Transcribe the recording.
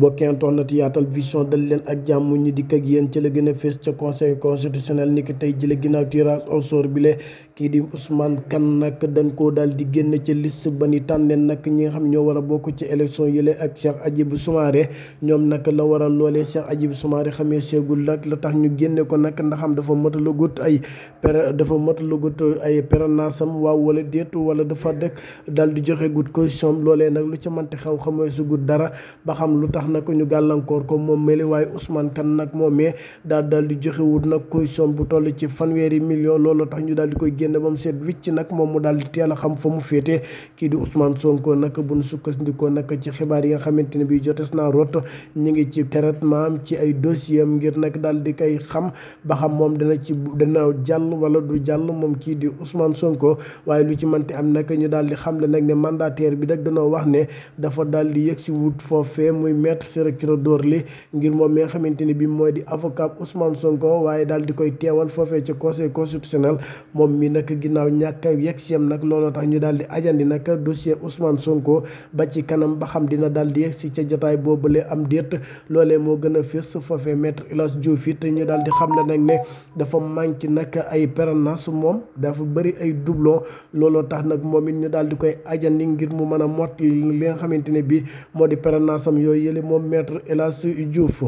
bokk internet yaatal vision dal leen ak jàmm ñu dikk ak yéen ci la gën a fës ca conseil constitutionnel ni ki tey jële ginnaaw tirage au sort le kii di Ousmane kan nag dañ koo daal di génne ci list ba ni tànneen nag ñi nga xam ñoo war a bokk ci élection yële ak Cheikh Hadjibou Soumaré ñoom nag la war a loolee Cheikh Hadjibou Soumaré xamee seegul nag la tax ñu génne ko nag ndaxam dafa matalagut ay per dafa matalagut ay pernaasam waaw wala deetu wala dafa dëkk daal di joxe gut caution loolee nag lu ca mënti xaw xamee su gut dara na ko ñu gàllankoor ko moom meli waaye Ousmane Kane nag moomee daal daal di joxe wut nag caution bu toll ci fanweeri million loolu tax ñu daal di koy génn ba mu seet wicc nag moom mu daal di teel a xam fa mu féete kii di Ousmane Sonko nag bu nu sukkandikoo nag ci xibaar yi nga xamante ne bii jotes naa rot ñu ngi ci traitement am ay dossier am ngir daal di koy xam ba xam moom dana ci dana jàll wala du jàll moom kii di Ousmane Sonko waaye lu ci manti am nag ñu daal di xam le nag ne mandataire bi nag danoo wax ne dafa daal di wut foofee muy met lépp sërëk door dóor li ngir moom mi nga xamante ni bi mooy di avocat Ousmane Sonko waaye daal di koy teewal foofee ca conseil constitutionnel moom mi nag ginnaaw ñàkk a yegg seem nag looloo tax ñu daal di ajandi nag dossier Ousmane Sonko ba ci kanam ba xam dina daal di yegg si ca jotaay boobule am déet loolee moo gën a fees foofee maître El Hadji Diouf it ñu daal di xam ne nag ne dafa manqué nag ay permanence moom dafa bëri ay doublon looloo tax nag moom it ñu daal di koy ajandi ngir mu mën a mottali li nga xamante ne bi moo di permanence am yooyu moom maître El Hadji Diouf